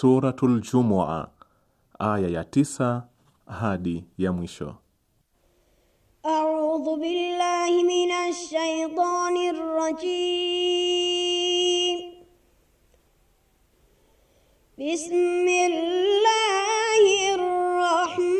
Suratul Jumua aya ya tisa hadi ya mwisho. A'udhu billahi minash shaitanir rajim. Bismillahir rahmanir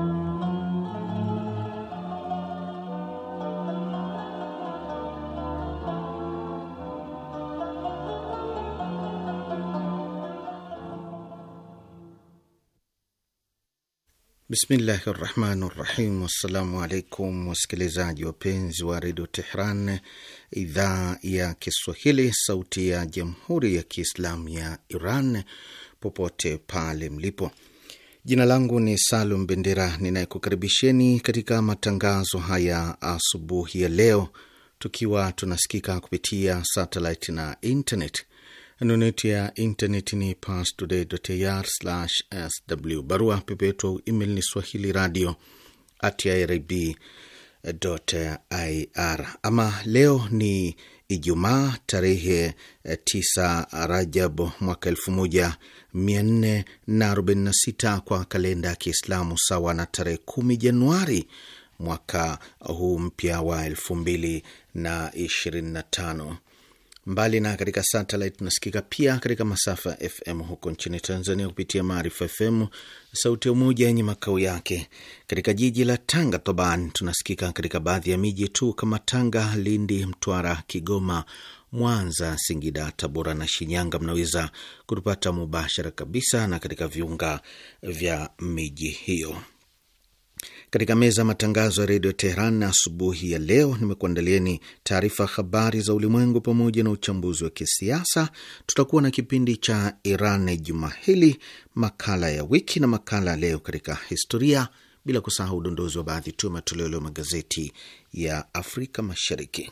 Bismillahi rahmani rahim. Wassalamu alaikum wasikilizaji wapenzi wa redio Tehran, idhaa ya Kiswahili, sauti ya jamhuri ya Kiislamu ya Iran, popote pale mlipo. Jina langu ni Salum Bendera ninayekukaribisheni katika matangazo haya asubuhi ya leo, tukiwa tunasikika kupitia satelit na internet anuneti ya intaneti ni pastoday.ir/sw. Barua pepe yetu au email ni swahili radio at ir. Ama leo ni Ijumaa tarehe 9 eh, Rajab mwaka 1446 kwa kalenda ya Kiislamu, sawa na tarehe kumi Januari mwaka huu mpya wa 2025. Mbali na katika satelit, tunasikika pia katika masafa ya FM huko nchini Tanzania kupitia Maarifa FM sauti ya Umoja yenye makao yake katika jiji la Tanga toban. Tunasikika katika baadhi ya miji tu kama Tanga, Lindi, Mtwara, Kigoma, Mwanza, Singida, Tabora na Shinyanga. Mnaweza kutupata mubashara kabisa na katika viunga vya miji hiyo. Katika meza ya matangazo ya redio Teheran asubuhi ya leo, nimekuandalieni taarifa habari za ulimwengu pamoja na uchambuzi wa kisiasa. Tutakuwa na kipindi cha Iran juma hili, makala ya wiki na makala leo katika historia, bila kusahau udondozi wa baadhi tu ya matoleo leo magazeti ya Afrika Mashariki.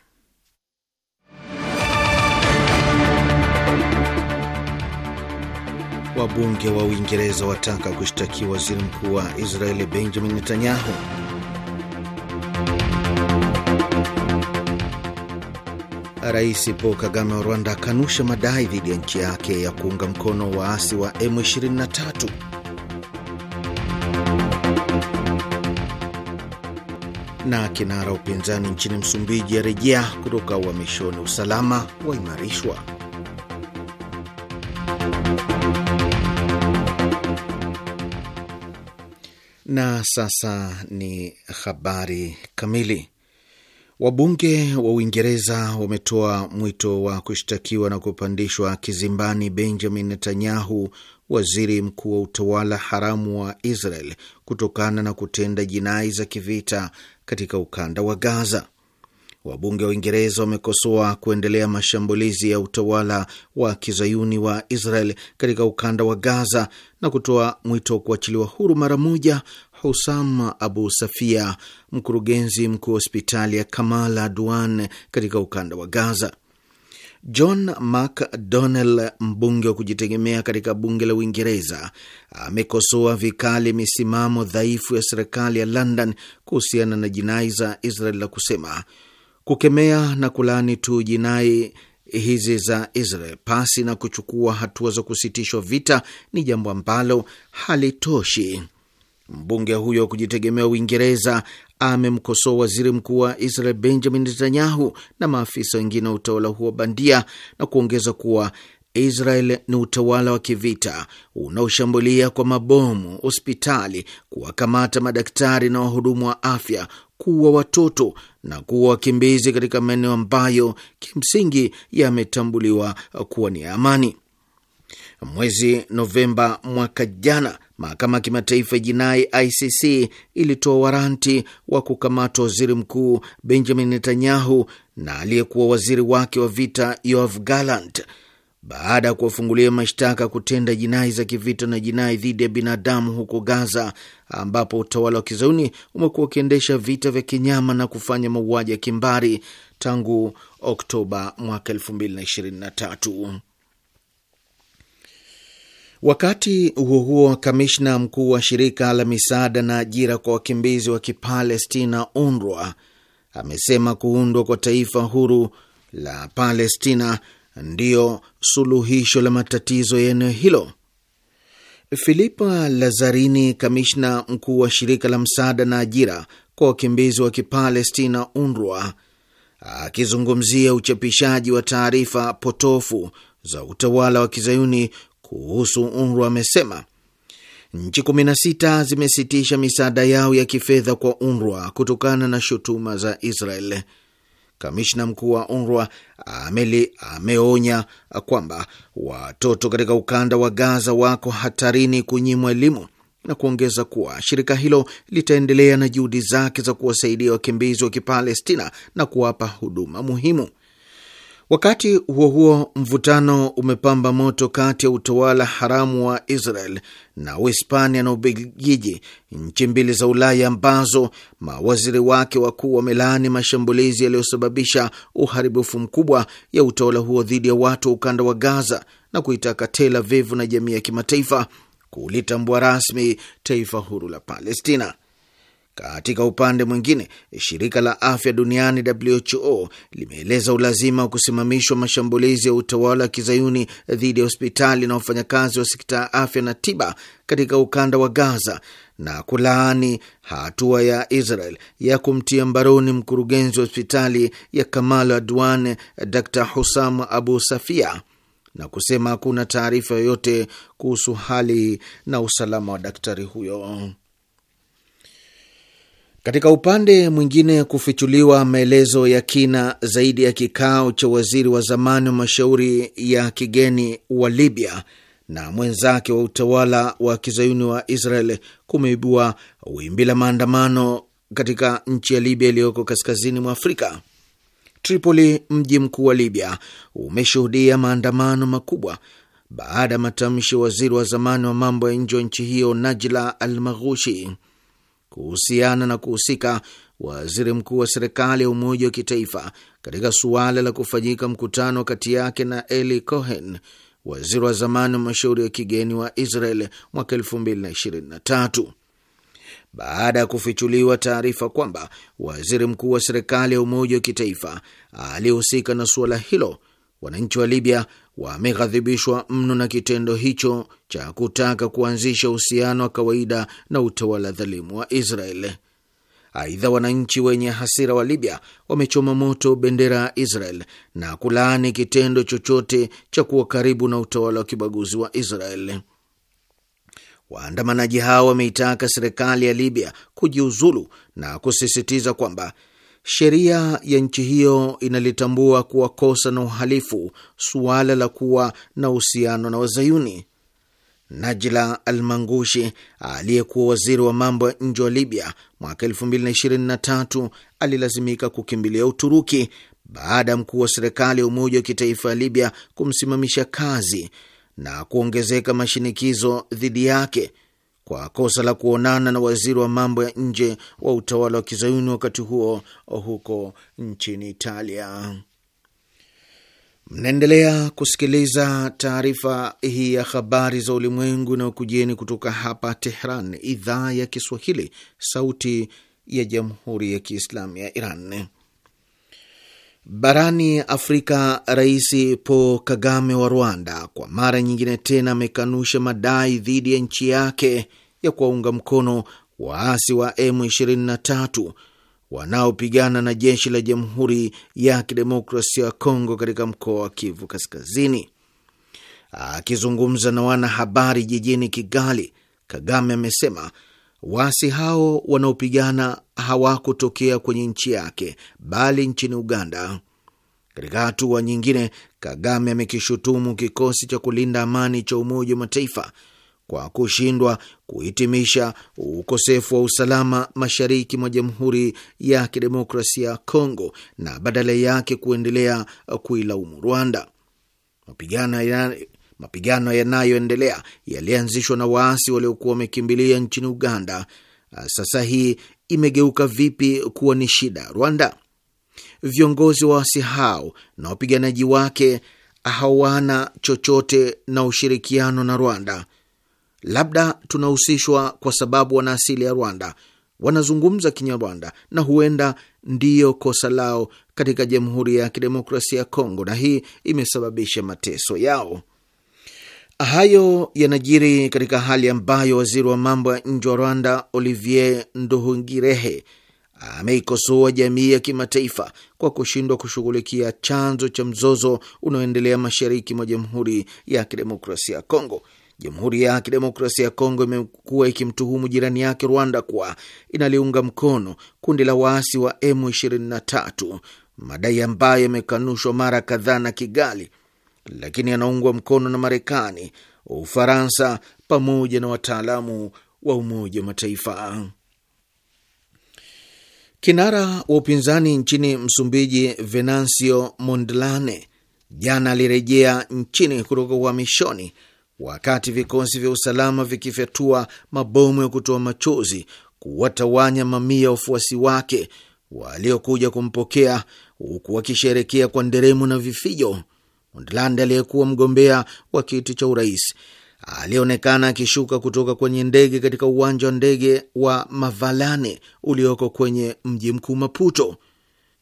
Wabunge wa Uingereza wataka kushtakia waziri mkuu wa Israeli Benjamin Netanyahu. Rais Paul Kagame wa Rwanda akanusha madai dhidi ya nchi yake ya kuunga mkono waasi wa M23. Na kinara upinzani nchini Msumbiji arejea kutoka uhamishoni, usalama waimarishwa. Na sasa ni habari kamili. Wabunge wa Uingereza wametoa mwito wa kushtakiwa na kupandishwa kizimbani Benjamin Netanyahu, waziri mkuu wa utawala haramu wa Israel, kutokana na kutenda jinai za kivita katika ukanda wa Gaza. Wabunge wa Uingereza wamekosoa kuendelea mashambulizi ya utawala wa kizayuni wa Israel katika ukanda wa Gaza na kutoa mwito wa kuachiliwa huru mara moja Husam Abu Safia, mkurugenzi mkuu wa hospitali ya Kamal Adwan katika ukanda wa Gaza. John McDonnell, mbunge wa kujitegemea katika bunge la Uingereza, amekosoa vikali misimamo dhaifu ya serikali ya London kuhusiana na jinai za Israel na kusema kukemea na kulaani tu jinai hizi za Israel pasi na kuchukua hatua za kusitishwa vita ni jambo ambalo halitoshi. Mbunge huyo wa kujitegemea Uingereza amemkosoa waziri mkuu wa Israel Benjamin Netanyahu na maafisa wengine wa utawala huo bandia na kuongeza kuwa Israel ni utawala wa kivita unaoshambulia kwa mabomu hospitali, kuwakamata madaktari na wahudumu wa afya, kuwa watoto na kuwa wakimbizi katika maeneo ambayo kimsingi yametambuliwa kuwa ni ya amani. Mwezi Novemba mwaka jana, mahakama ya kimataifa ya jinai ICC ilitoa waranti wa kukamatwa waziri mkuu Benjamin Netanyahu na aliyekuwa waziri wake wa vita Yoav Gallant baada ya kuwafungulia mashtaka kutenda jinai za kivita na jinai dhidi ya binadamu huko Gaza, ambapo utawala wa kizauni umekuwa ukiendesha vita vya kinyama na kufanya mauaji ya kimbari tangu Oktoba mwaka 2023. Wakati huo huo, kamishna mkuu wa shirika la misaada na ajira kwa wakimbizi wa Kipalestina, UNRWA, amesema kuundwa kwa taifa huru la Palestina ndiyo suluhisho la matatizo ya eneo hilo. Filipa Lazarini, kamishna mkuu wa shirika la msaada na ajira kwa wakimbizi wa Kipalestina, UNRWA, akizungumzia uchapishaji wa taarifa potofu za utawala wa kizayuni kuhusu UNRWA amesema nchi 16 zimesitisha misaada yao ya kifedha kwa UNRWA kutokana na shutuma za Israel. Kamishna mkuu wa UNRWA ameli ameonya kwamba watoto katika ukanda wa Gaza wako hatarini kunyimwa elimu na kuongeza kuwa shirika hilo litaendelea na juhudi zake za kuwasaidia wakimbizi wa Kipalestina na kuwapa huduma muhimu. Wakati huo huo, mvutano umepamba moto kati ya utawala haramu wa Israel na Uhispania na Ubelgiji, nchi mbili za Ulaya ambazo mawaziri wake wakuu wamelaani mashambulizi yaliyosababisha uharibifu mkubwa ya utawala huo dhidi ya watu wa ukanda wa Gaza na kuitaka Tel na jamii ya kimataifa kulitambua rasmi taifa huru la Palestina. Katika upande mwingine, shirika la afya duniani WHO limeeleza ulazima wa kusimamishwa mashambulizi ya utawala wa kizayuni dhidi ya hospitali na wafanyakazi wa sekta ya afya na tiba katika ukanda wa Gaza na kulaani hatua ya Israel ya kumtia mbaroni mkurugenzi wa hospitali ya Kamal Adwan Dr Husam Abu Safia na kusema hakuna taarifa yoyote kuhusu hali na usalama wa daktari huyo. Katika upande mwingine, kufichuliwa maelezo ya kina zaidi ya kikao cha waziri wa zamani wa mashauri ya kigeni wa Libya na mwenzake wa utawala wa kizayuni wa Israel kumeibua wimbi la maandamano katika nchi ya Libya iliyoko kaskazini mwa Afrika. Tripoli, mji mkuu wa Libya, umeshuhudia maandamano makubwa baada ya matamshi ya waziri wa zamani wa mambo ya nje wa nchi hiyo Najla Al Maghushi kuhusiana na kuhusika waziri mkuu wa serikali ya umoja wa kitaifa katika suala la kufanyika mkutano kati yake na Eli Cohen, waziri wa zamani wa mashauri ya kigeni wa Israel mwaka tatu baada ya kufichuliwa taarifa kwamba waziri mkuu wa serikali ya umoja wa kitaifa aliyehusika na suala hilo Wananchi wa Libya wameghadhibishwa mno na kitendo hicho cha kutaka kuanzisha uhusiano wa kawaida na utawala dhalimu wa israel Aidha, wananchi wenye hasira wa Libya wamechoma moto bendera ya Israel na kulaani kitendo chochote cha kuwa karibu na utawala wa kibaguzi wa Israel. Waandamanaji hao wameitaka serikali ya Libya kujiuzulu na kusisitiza kwamba Sheria ya nchi hiyo inalitambua kuwa kosa na uhalifu suala la kuwa na uhusiano na Wazayuni. Najla Almangushi aliyekuwa waziri wa mambo ya nje wa Libya mwaka tatu alilazimika kukimbilia Uturuki baada ya mkuu wa serikali ya Umoja wa Kitaifa ya Libya kumsimamisha kazi na kuongezeka mashinikizo dhidi yake kwa kosa la kuonana na waziri wa mambo ya nje wa utawala wa kizayuni wakati huo huko nchini Italia. Mnaendelea kusikiliza taarifa hii ya habari za ulimwengu na ukujieni kutoka hapa Tehran, idhaa ya Kiswahili, sauti ya jamhuri ya kiislamu ya Iran. Barani Afrika, Rais Paul Kagame wa Rwanda kwa mara nyingine tena amekanusha madai dhidi ya nchi yake ya kuwaunga mkono waasi wa M23 wanaopigana na jeshi la Jamhuri ya Kidemokrasia ya Kongo katika mkoa wa Kivu Kaskazini. Akizungumza na wanahabari jijini Kigali, Kagame amesema waasi hao wanaopigana hawakutokea kwenye nchi yake bali nchini Uganda. Katika hatua nyingine, Kagame amekishutumu kikosi cha kulinda amani cha Umoja wa Mataifa kwa kushindwa kuhitimisha ukosefu wa usalama mashariki mwa Jamhuri ya Kidemokrasia ya Kongo na badala yake kuendelea kuilaumu Rwanda. Mapigano ya mapigano yanayoendelea yalianzishwa na waasi waliokuwa wamekimbilia nchini Uganda. Sasa hii imegeuka vipi kuwa ni shida Rwanda? Viongozi wa waasi hao na wapiganaji wake hawana chochote na ushirikiano na Rwanda. Labda tunahusishwa kwa sababu wana asili ya Rwanda, wanazungumza Kinyarwanda na huenda ndiyo kosa lao katika Jamhuri ya Kidemokrasia ya Kongo, na hii imesababisha mateso yao. Hayo yanajiri katika hali ambayo waziri wa mambo ya nje wa Rwanda Olivier Nduhungirehe ameikosoa jamii ya kimataifa kwa kushindwa kushughulikia chanzo cha mzozo unaoendelea mashariki mwa Jamhuri ya Kidemokrasia ya Kongo. Jamhuri ya Kidemokrasia ya Kongo imekuwa ikimtuhumu jirani yake Rwanda kuwa inaliunga mkono kundi la waasi wa M23, madai ambayo yamekanushwa mara kadhaa na Kigali, lakini yanaungwa mkono na Marekani, Ufaransa pamoja na wataalamu wa Umoja wa Mataifa. Kinara wa upinzani nchini Msumbiji, Venancio Mondlane, jana alirejea nchini kutoka uhamishoni wakati vikosi vya usalama vikifyatua mabomu ya kutoa machozi kuwatawanya mamia ya wafuasi wake waliokuja kumpokea huku wakisherekea kwa nderemu na vifijo. Puntland aliyekuwa mgombea wa kiti cha urais alionekana akishuka kutoka kwenye ndege katika uwanja wa ndege wa Mavalane ulioko kwenye mji mkuu Maputo.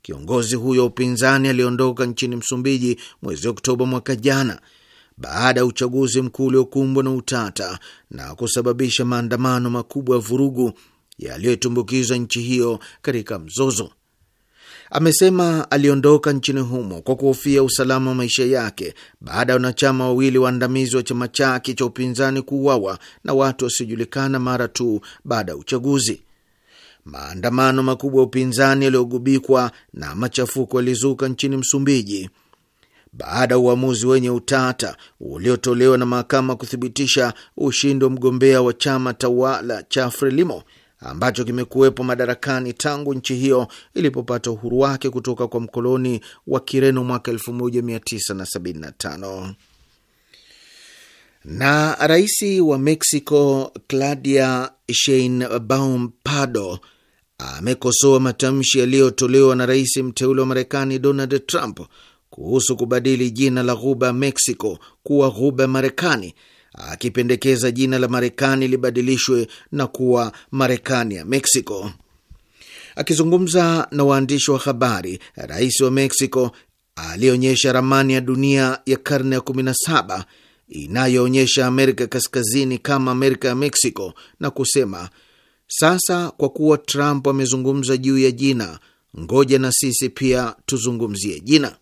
Kiongozi huyo wa upinzani aliondoka nchini Msumbiji mwezi Oktoba mwaka jana baada ya uchaguzi mkuu uliokumbwa na utata na kusababisha maandamano makubwa ya vurugu yaliyotumbukizwa nchi hiyo katika mzozo. Amesema aliondoka nchini humo kwa kuhofia usalama wa maisha yake baada ya wanachama wawili waandamizi wa chama chake cha upinzani kuuawa na watu wasiojulikana mara tu baada ya uchaguzi. Maandamano makubwa ya upinzani yaliyogubikwa na machafuko yalizuka nchini Msumbiji baada ya uamuzi wenye utata uliotolewa na mahakama kuthibitisha ushindi wa mgombea wa chama tawala cha Frelimo ambacho kimekuwepo madarakani tangu nchi hiyo ilipopata uhuru wake kutoka kwa mkoloni wa Kireno mwaka 1975 na rais wa Mexico Claudia Sheinbaum Pardo amekosoa matamshi yaliyotolewa na rais mteule wa Marekani Donald Trump kuhusu kubadili jina la ghuba ya Mexico kuwa ghuba ya Marekani, akipendekeza jina la Marekani libadilishwe na kuwa Marekani ya Mexico. Akizungumza na waandishi wa habari, rais wa Mexico alionyesha ramani ya dunia ya karne ya 17 inayoonyesha Amerika Kaskazini kama Amerika ya Mexico na kusema, sasa kwa kuwa Trump amezungumza juu ya jina, ngoja na sisi pia tuzungumzie jina.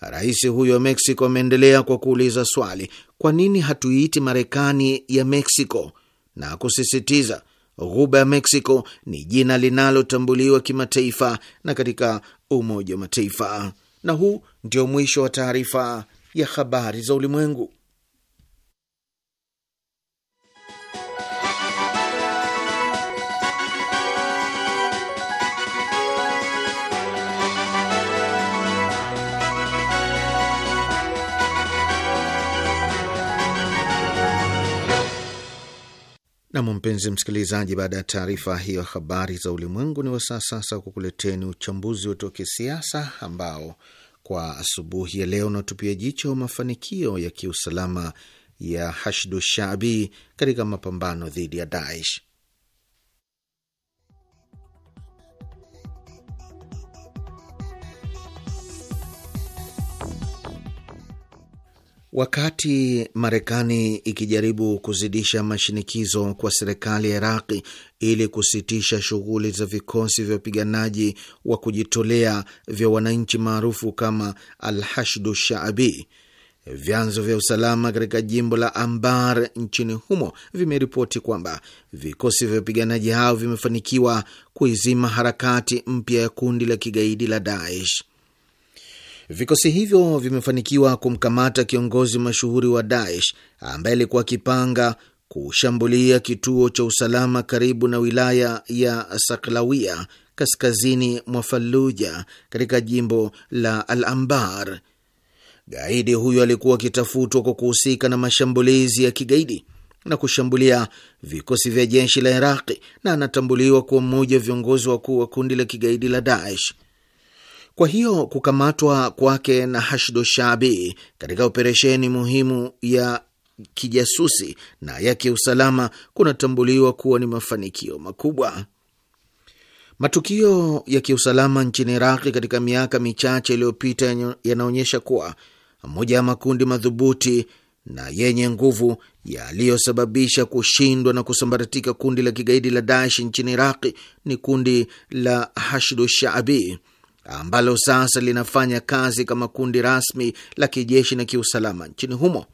Rais huyo wa Mexico ameendelea kwa kuuliza swali, kwa nini hatuiiti Marekani ya Mexico, na kusisitiza ghuba ya Mexico ni jina linalotambuliwa kimataifa na katika Umoja wa Mataifa. Na huu ndio mwisho wa taarifa ya habari za ulimwengu. Nam, mpenzi msikilizaji, baada ya taarifa hiyo habari za ulimwengu, ni wasaa sasa kukuleteni uchambuzi wetu wa kisiasa ambao kwa asubuhi ya leo unatupia jicho mafanikio ya kiusalama ya Hashdu Shabi katika mapambano dhidi ya Daesh. Wakati Marekani ikijaribu kuzidisha mashinikizo kwa serikali ya Iraqi ili kusitisha shughuli za vikosi vya wapiganaji wa kujitolea vya wananchi maarufu kama Al Hashdu Shaabi, vyanzo vya usalama katika jimbo la Ambar nchini humo vimeripoti kwamba vikosi vya wapiganaji hao vimefanikiwa kuizima harakati mpya ya kundi la kigaidi la Daesh. Vikosi hivyo vimefanikiwa kumkamata kiongozi mashuhuri wa Daesh ambaye alikuwa akipanga kushambulia kituo cha usalama karibu na wilaya ya Saklawia kaskazini mwa Faluja katika jimbo la Al ambar Gaidi huyo alikuwa akitafutwa kwa kuhusika na mashambulizi ya kigaidi na kushambulia vikosi vya jeshi la Iraqi na anatambuliwa kuwa mmoja wa viongozi wakuu wa kundi la kigaidi la Daesh. Kwa hiyo kukamatwa kwake na Hashdo Shabi katika operesheni muhimu ya kijasusi na ya kiusalama kunatambuliwa kuwa ni mafanikio makubwa. Matukio ya kiusalama nchini Iraqi katika miaka michache iliyopita yanaonyesha kuwa moja ya makundi madhubuti na yenye nguvu yaliyosababisha kushindwa na kusambaratika kundi la kigaidi la Daesh nchini Iraqi ni kundi la Hashdu shabi ambalo sasa linafanya kazi kama kundi rasmi la kijeshi na kiusalama nchini humo.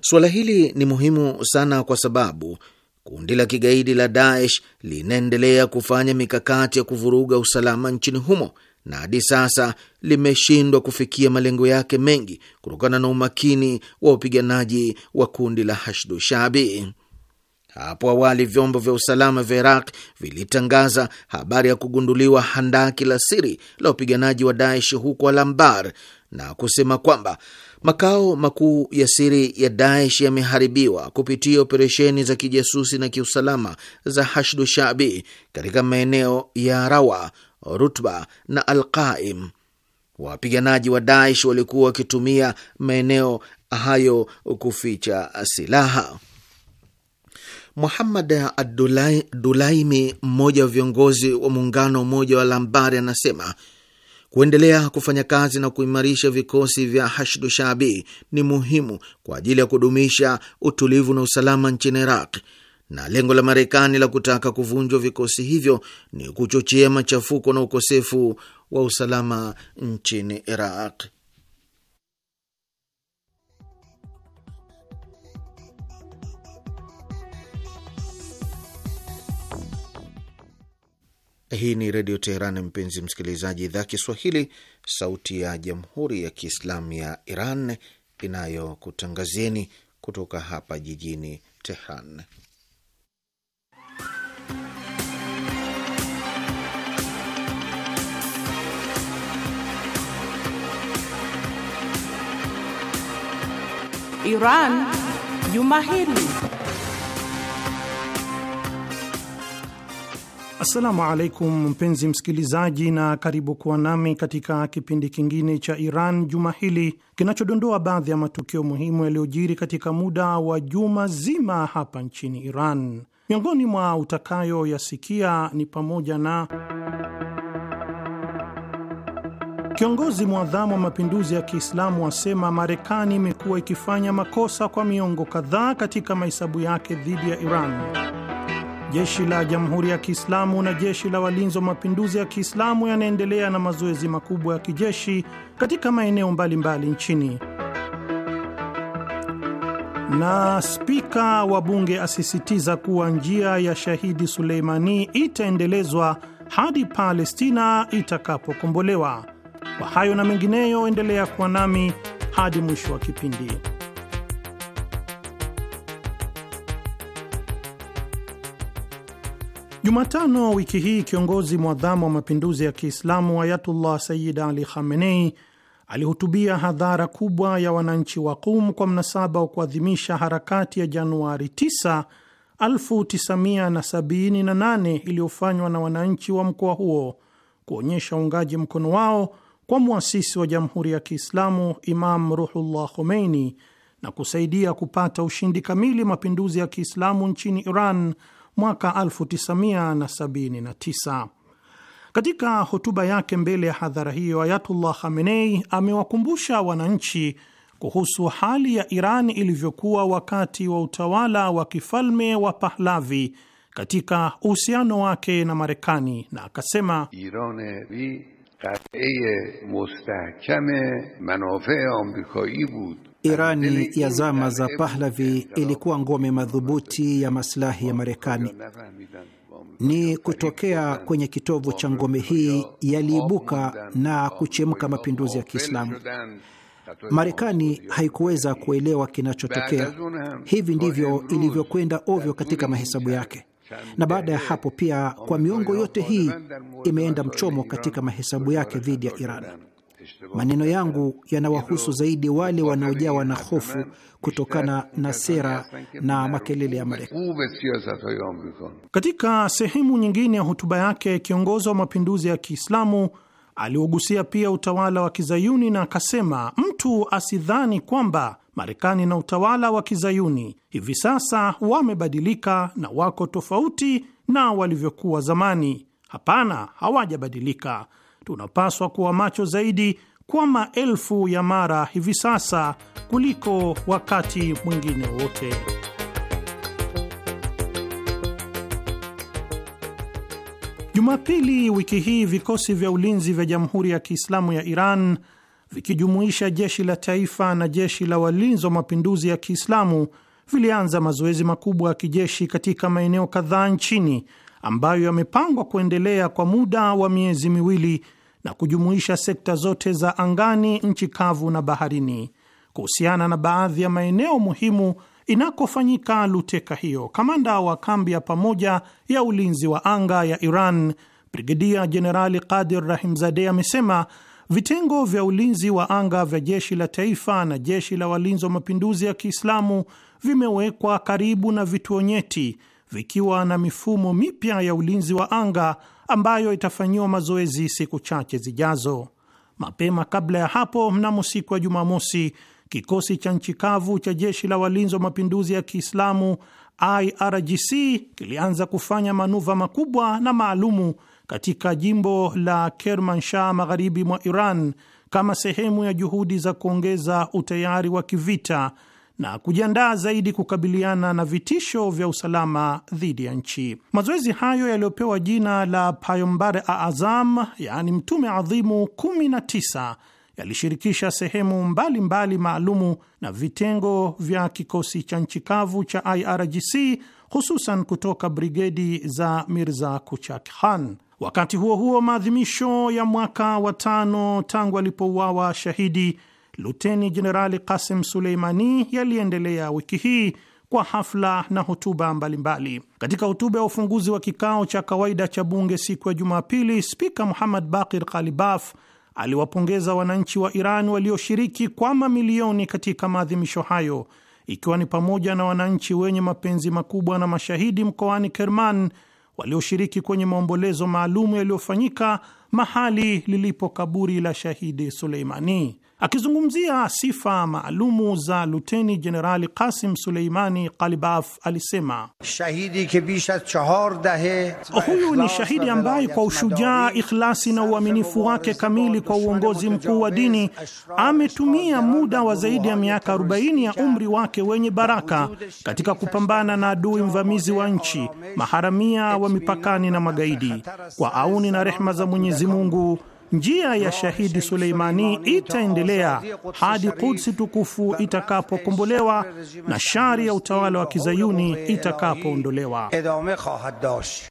Suala hili ni muhimu sana kwa sababu kundi la kigaidi la Daesh linaendelea kufanya mikakati ya kuvuruga usalama nchini humo na hadi sasa limeshindwa kufikia malengo yake mengi kutokana na umakini wa upiganaji wa kundi la Hashdu Shabi. Hapo awali vyombo vya usalama vya Iraq vilitangaza habari ya kugunduliwa handaki la siri la wapiganaji wa Daesh huko Alambar na kusema kwamba makao makuu ya siri ya Daesh yameharibiwa kupitia operesheni za kijasusi na kiusalama za Hashdu Shabi katika maeneo ya Rawa, Rutba na Alqaim. Wapiganaji wa Daesh walikuwa wakitumia maeneo hayo kuficha silaha. Muhammad Adulaimi, mmoja wa viongozi wa muungano mmoja wa Lambari, anasema kuendelea kufanya kazi na kuimarisha vikosi vya Hashdu Shabi ni muhimu kwa ajili ya kudumisha utulivu na usalama nchini Iraq, na lengo la Marekani la kutaka kuvunjwa vikosi hivyo ni kuchochea machafuko na ukosefu wa usalama nchini Iraq. Hii ni Redio Teheran, mpenzi msikilizaji, idhaa Kiswahili, sauti ya jamhuri ya kiislamu ya Iran inayokutangazieni kutoka hapa jijini Teheran. Iran Juma Hili. Assalamu alaikum mpenzi msikilizaji, na karibu kuwa nami katika kipindi kingine cha Iran juma hili kinachodondoa baadhi ya matukio muhimu yaliyojiri katika muda wa juma zima hapa nchini Iran. Miongoni mwa utakayoyasikia ni pamoja na kiongozi mwadhamu wa mapinduzi ya Kiislamu asema Marekani imekuwa ikifanya makosa kwa miongo kadhaa katika mahesabu yake dhidi ya Iran. Jeshi la Jamhuri ya Kiislamu na Jeshi la Walinzi wa Mapinduzi ya Kiislamu yanaendelea na mazoezi makubwa ya kijeshi katika maeneo mbalimbali nchini. Na spika wa bunge asisitiza kuwa njia ya Shahidi Suleimani itaendelezwa hadi Palestina itakapokombolewa. Kwa hayo na mengineyo, endelea kuwa nami hadi mwisho wa kipindi. Jumatano wiki hii kiongozi mwadhamu wa mapinduzi ya Kiislamu Ayatullah Sayyid Ali Khamenei alihutubia hadhara kubwa ya wananchi wa Qum kwa mnasaba wa kuadhimisha harakati ya Januari 9, 1978 iliyofanywa na wananchi wa mkoa huo kuonyesha uungaji mkono wao kwa mwasisi wa Jamhuri ya Kiislamu Imam Ruhullah Khomeini na kusaidia kupata ushindi kamili mapinduzi ya Kiislamu nchini Iran mwaka 1979. Katika hotuba yake mbele ya hadhara hiyo, Ayatullah Khamenei amewakumbusha wananchi kuhusu hali ya Iran ilivyokuwa wakati wa utawala wa kifalme wa Pahlavi katika uhusiano wake na Marekani, na akasema Iran bi qat'e mustahkam manafe amrikai bud Irani ya zama za Pahlavi ilikuwa ngome madhubuti ya masilahi ya Marekani. Ni kutokea kwenye kitovu cha ngome hii yaliibuka na kuchemka mapinduzi ya Kiislamu. Marekani haikuweza kuelewa kinachotokea. Hivi ndivyo ilivyokwenda ovyo katika mahesabu yake, na baada ya hapo pia, kwa miongo yote hii imeenda mchomo katika mahesabu yake dhidi ya Iran. Maneno yangu yanawahusu zaidi wale wanaojawa na hofu kutokana na sera na makelele ya Marekani. Katika sehemu nyingine ya hotuba yake, kiongozi wa mapinduzi ya Kiislamu aliogusia pia utawala wa Kizayuni na akasema, mtu asidhani kwamba Marekani na utawala wa Kizayuni hivi sasa wamebadilika na wako tofauti na walivyokuwa zamani. Hapana, hawajabadilika tunapaswa kuwa macho zaidi kwa maelfu ya mara hivi sasa kuliko wakati mwingine wote. Jumapili wiki hii vikosi vya ulinzi vya Jamhuri ya Kiislamu ya Iran vikijumuisha jeshi la taifa na jeshi la walinzi wa mapinduzi ya Kiislamu vilianza mazoezi makubwa ya kijeshi katika maeneo kadhaa nchini ambayo yamepangwa kuendelea kwa muda wa miezi miwili na kujumuisha sekta zote za angani, nchi kavu na baharini, kuhusiana na baadhi ya maeneo muhimu inakofanyika luteka hiyo. Kamanda wa kambi ya pamoja ya ulinzi wa anga ya Iran, Brigedia Jenerali Qadir rahimzade amesema vitengo vya ulinzi wa anga vya jeshi la taifa na jeshi la walinzi wa mapinduzi ya Kiislamu vimewekwa karibu na vituo nyeti vikiwa na mifumo mipya ya ulinzi wa anga ambayo itafanyiwa mazoezi siku chache zijazo. Mapema kabla ya hapo, mnamo siku ya Jumamosi, kikosi cha nchi kavu cha jeshi la walinzi wa mapinduzi ya Kiislamu IRGC kilianza kufanya manuva makubwa na maalumu katika jimbo la Kermanshah magharibi mwa Iran kama sehemu ya juhudi za kuongeza utayari wa kivita na kujiandaa zaidi kukabiliana na vitisho vya usalama dhidi ya nchi. Mazoezi hayo yaliyopewa jina la Payombare Aazam, yaani mtume adhimu 19 yalishirikisha sehemu mbalimbali maalumu na vitengo vya kikosi cha nchi kavu cha IRGC hususan kutoka brigedi za Mirza Kuchak Khan. Wakati huo huo, maadhimisho ya mwaka wa tano tangu alipouawa shahidi Luteni Jenerali Kasim Suleimani yaliendelea wiki hii kwa hafla na hotuba mbalimbali. Katika hotuba ya ufunguzi wa kikao cha kawaida cha bunge siku ya Jumapili, Spika Muhammad Bakir Kalibaf aliwapongeza wananchi wa Iran walioshiriki kwa mamilioni katika maadhimisho hayo, ikiwa ni pamoja na wananchi wenye mapenzi makubwa na mashahidi mkoani Kerman walioshiriki kwenye maombolezo maalum yaliyofanyika mahali lilipo kaburi la shahidi Suleimani. Akizungumzia sifa maalumu za luteni jenerali kasim Suleimani kalibaf alisema shahidi chahar dahe, huyu ni shahidi ambaye kwa ushujaa, ikhlasi na uaminifu wake kamili kwa uongozi mkuu wa dini ametumia muda wa zaidi ya miaka 40 ya umri wake wenye baraka katika kupambana na adui mvamizi wa nchi, maharamia wa mipakani na magaidi. Kwa auni na rehma za Mwenyezi Mungu Njia ya shahidi Suleimani itaendelea hadi Kudsi tukufu itakapokombolewa na shari ya utawala wa kizayuni itakapoondolewa.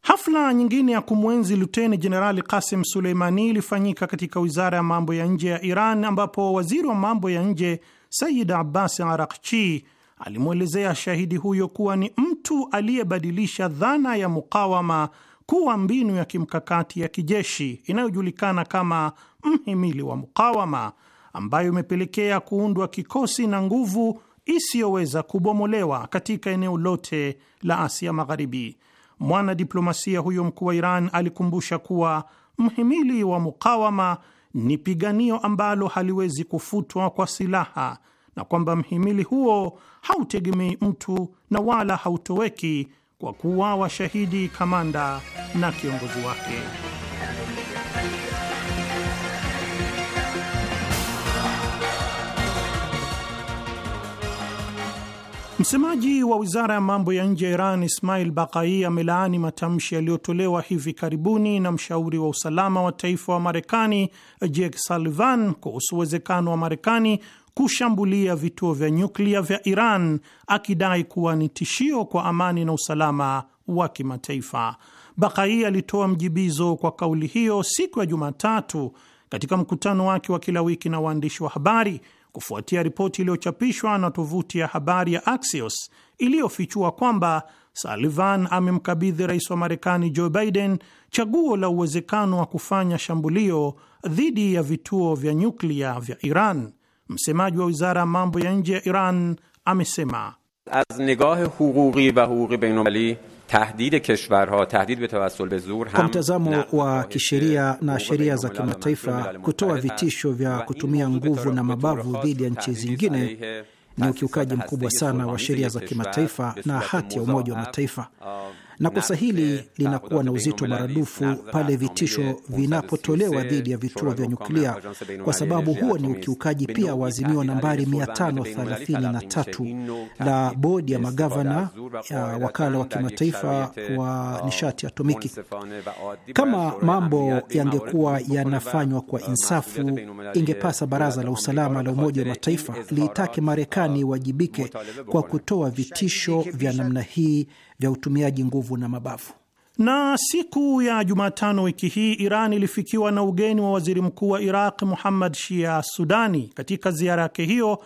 Hafla nyingine ya kumwenzi Luteni Jenerali Kasim Suleimani ilifanyika katika wizara ya mambo ya nje ya Iran, ambapo waziri wa mambo ya nje Sayid Abbas Arakchi alimwelezea shahidi huyo kuwa ni mtu aliyebadilisha dhana ya mukawama kuwa mbinu ya kimkakati ya kijeshi inayojulikana kama mhimili wa mukawama, ambayo imepelekea kuundwa kikosi na nguvu isiyoweza kubomolewa katika eneo lote la Asia Magharibi. Mwanadiplomasia huyo mkuu wa Iran alikumbusha kuwa mhimili wa mukawama ni piganio ambalo haliwezi kufutwa kwa silaha na kwamba mhimili huo hautegemei mtu na wala hautoweki kwa kuwa washahidi kamanda na kiongozi wake. Msemaji wa wizara ya mambo ya nje ya Iran Ismail Bakai amelaani matamshi yaliyotolewa hivi karibuni na mshauri wa usalama wa taifa wa Marekani Jake Sullivan kuhusu uwezekano wa Marekani kushambulia vituo vya nyuklia vya Iran akidai kuwa ni tishio kwa amani na usalama wa kimataifa. Bakai alitoa mjibizo kwa kauli hiyo siku ya Jumatatu katika mkutano wake wa kila wiki na waandishi wa habari kufuatia ripoti iliyochapishwa na tovuti ya habari ya Axios iliyofichua kwamba Sullivan amemkabidhi rais wa Marekani Joe Biden chaguo la uwezekano wa kufanya shambulio dhidi ya vituo vya nyuklia vya Iran. Msemaji wa wizara ya mambo ya nje ya Iran amesema az nigah huquqi va huquqi bainulmali kwa mtazamo wa kisheria na sheria za kimataifa, kutoa vitisho vya kutumia nguvu na mabavu dhidi ya nchi zingine ni ukiukaji mkubwa sana wa sheria za kimataifa na hati ya Umoja wa Mataifa na kosa hili linakuwa na uzito maradufu pale vitisho vinapotolewa dhidi ya vituo vya nyuklia, kwa sababu huo ni ukiukaji pia wa azimio nambari 533 la bodi ya magavana ya wakala wa kimataifa wa nishati atomiki. Kama mambo yangekuwa yanafanywa kwa insafu, ingepasa baraza la usalama la Umoja wa Mataifa liitake Marekani iwajibike kwa kutoa vitisho vya namna hii vya utumiaji nguvu na mabavu. Na siku ya Jumatano wiki hii Iran ilifikiwa na ugeni wa waziri mkuu wa Iraq Muhammad Shia Sudani. Katika ziara yake hiyo,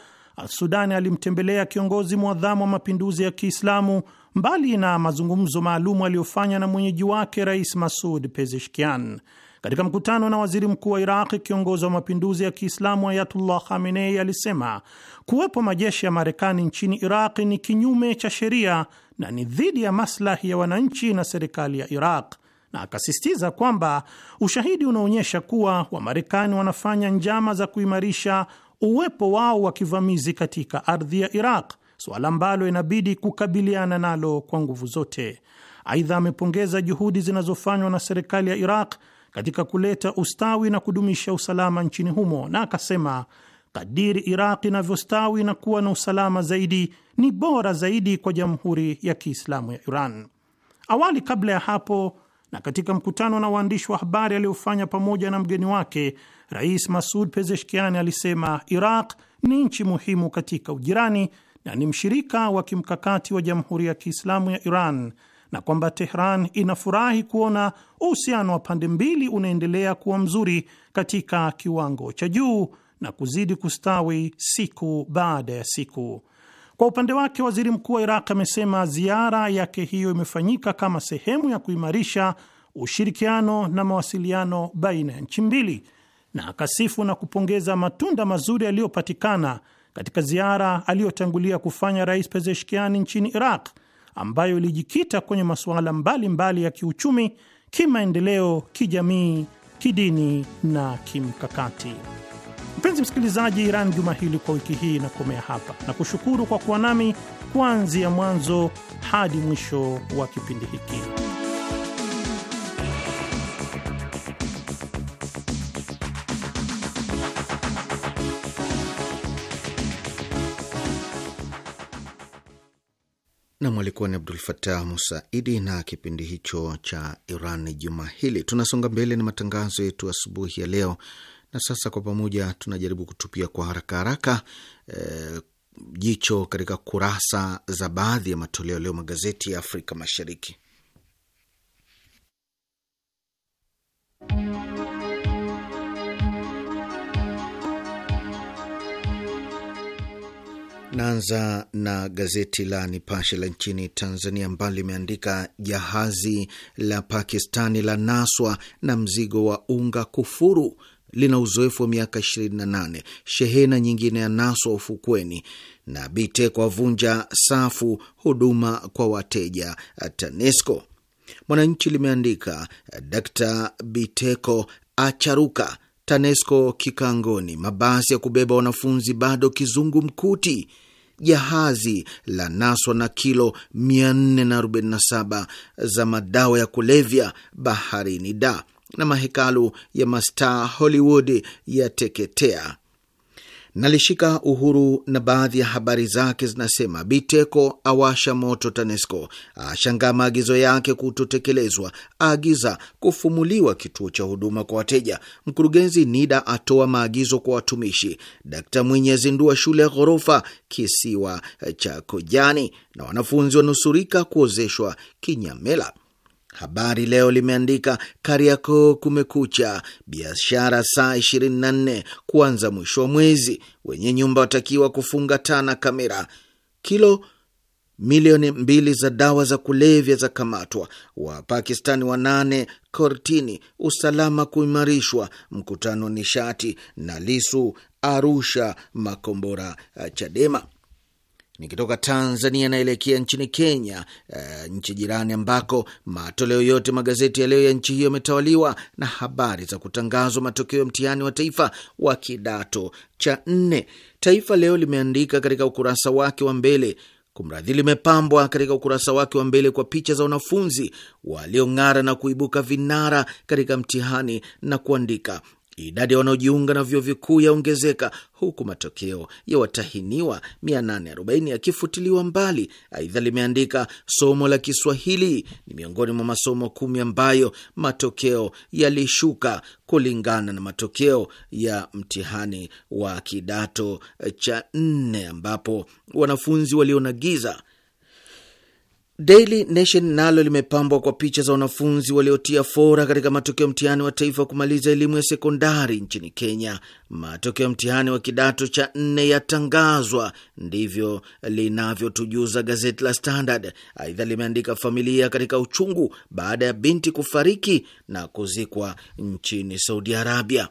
Sudani alimtembelea kiongozi mwadhamu wa mapinduzi ya Kiislamu, mbali na mazungumzo maalum aliyofanya na mwenyeji wake Rais Masud Pezeshkian. Katika mkutano na waziri mkuu wa Iraq, kiongozi wa mapinduzi ya Kiislamu Ayatullah Khamenei alisema kuwepo majeshi ya Marekani nchini Iraq ni kinyume cha sheria na ni dhidi ya maslahi ya wananchi na serikali ya Iraq, na akasisitiza kwamba ushahidi unaonyesha kuwa Wamarekani wanafanya njama za kuimarisha uwepo wao wa kivamizi katika ardhi ya Iraq, suala ambalo inabidi kukabiliana nalo kwa nguvu zote. Aidha, amepongeza juhudi zinazofanywa na serikali ya Iraq katika kuleta ustawi na kudumisha usalama nchini humo, na akasema kadiri Iraq inavyostawi na kuwa na usalama zaidi, ni bora zaidi kwa Jamhuri ya Kiislamu ya Iran. Awali kabla ya hapo na katika mkutano na waandishi wa habari aliyofanya pamoja na mgeni wake Rais Masud Pezeshkiani alisema Iraq ni nchi muhimu katika ujirani na ni mshirika wa kimkakati wa Jamhuri ya Kiislamu ya Iran na kwamba Tehran inafurahi kuona uhusiano wa pande mbili unaendelea kuwa mzuri katika kiwango cha juu na kuzidi kustawi siku baada ya siku. Kwa upande wake, waziri mkuu wa Iraq amesema ziara yake hiyo imefanyika kama sehemu ya kuimarisha ushirikiano na mawasiliano baina ya nchi mbili, na akasifu na kupongeza matunda mazuri yaliyopatikana katika ziara aliyotangulia kufanya Rais Pezeshkiani nchini Iraq ambayo ilijikita kwenye masuala mbalimbali mbali ya kiuchumi, kimaendeleo, kijamii, kidini na kimkakati. Mpenzi msikilizaji, Iran juma hili kwa wiki hii inakomea hapa na kushukuru kwa kuwa nami kuanzia mwanzo hadi mwisho wa kipindi hiki. Nam alikuwa ni Abdul Fatah Musaidi na kipindi hicho cha Iran juma hili. Tunasonga mbele na matangazo yetu asubuhi ya leo na sasa kwa pamoja tunajaribu kutupia kwa haraka haraka e, jicho katika kurasa za baadhi ya matoleo leo magazeti ya Afrika Mashariki. Naanza na gazeti la Nipashe la nchini Tanzania ambalo limeandika jahazi la Pakistani la naswa na mzigo wa unga kufuru lina uzoefu wa miaka 28, shehena nyingine ya Naswa ufukweni na Bite kwa vunja safu huduma kwa wateja TANESCO. Mwananchi limeandika d Biteko acharuka TANESCO kikangoni, mabasi ya kubeba wanafunzi bado kizungumkuti, jahazi la Naswa na kilo 447 za madawa ya kulevya baharini da na mahekalu ya mastaa Hollywood yateketea. Nalishika Uhuru na baadhi ya habari zake zinasema: Biteko awasha moto TANESCO, ashangaa maagizo yake kutotekelezwa, aagiza kufumuliwa kituo cha huduma kwa wateja. Mkurugenzi NIDA atoa maagizo kwa watumishi. Dkt Mwinyi azindua shule ya ghorofa kisiwa cha Kojani, na wanafunzi wanusurika kuozeshwa kinyamela. Habari Leo limeandika Kariakoo kumekucha, biashara saa 24 kuanza mwisho wa mwezi, wenye nyumba watakiwa kufunga na kamera. Kilo milioni mbili za dawa za kulevya za kamatwa. Wapakistani wanane kortini, usalama kuimarishwa. Mkutano nishati na Lisu Arusha, makombora eh, Chadema. Nikitoka Tanzania naelekea nchini Kenya, e, nchi jirani ambako matoleo yote magazeti ya leo ya nchi hiyo yametawaliwa na habari za kutangazwa matokeo ya mtihani wa taifa wa kidato cha nne. Taifa Leo limeandika katika ukurasa wake wa mbele Kumradhi, limepambwa katika ukurasa wake wa mbele kwa picha za wanafunzi waliong'ara na kuibuka vinara katika mtihani na kuandika idadi ya wanaojiunga na vyuo vikuu yaongezeka, huku matokeo ya watahiniwa 840 yakifutiliwa mbali. Aidha, limeandika somo la Kiswahili ni miongoni mwa masomo kumi ambayo matokeo yalishuka kulingana na matokeo ya mtihani wa kidato cha nne, ambapo wanafunzi walionagiza giza Daily Nation nalo limepambwa kwa picha za wanafunzi waliotia fora katika matokeo ya mtihani wa taifa wa kumaliza elimu ya sekondari nchini Kenya. Matokeo ya mtihani wa kidato cha nne yatangazwa, ndivyo linavyotujuza gazeti la Standard. Aidha limeandika familia katika uchungu baada ya binti kufariki na kuzikwa nchini Saudi Arabia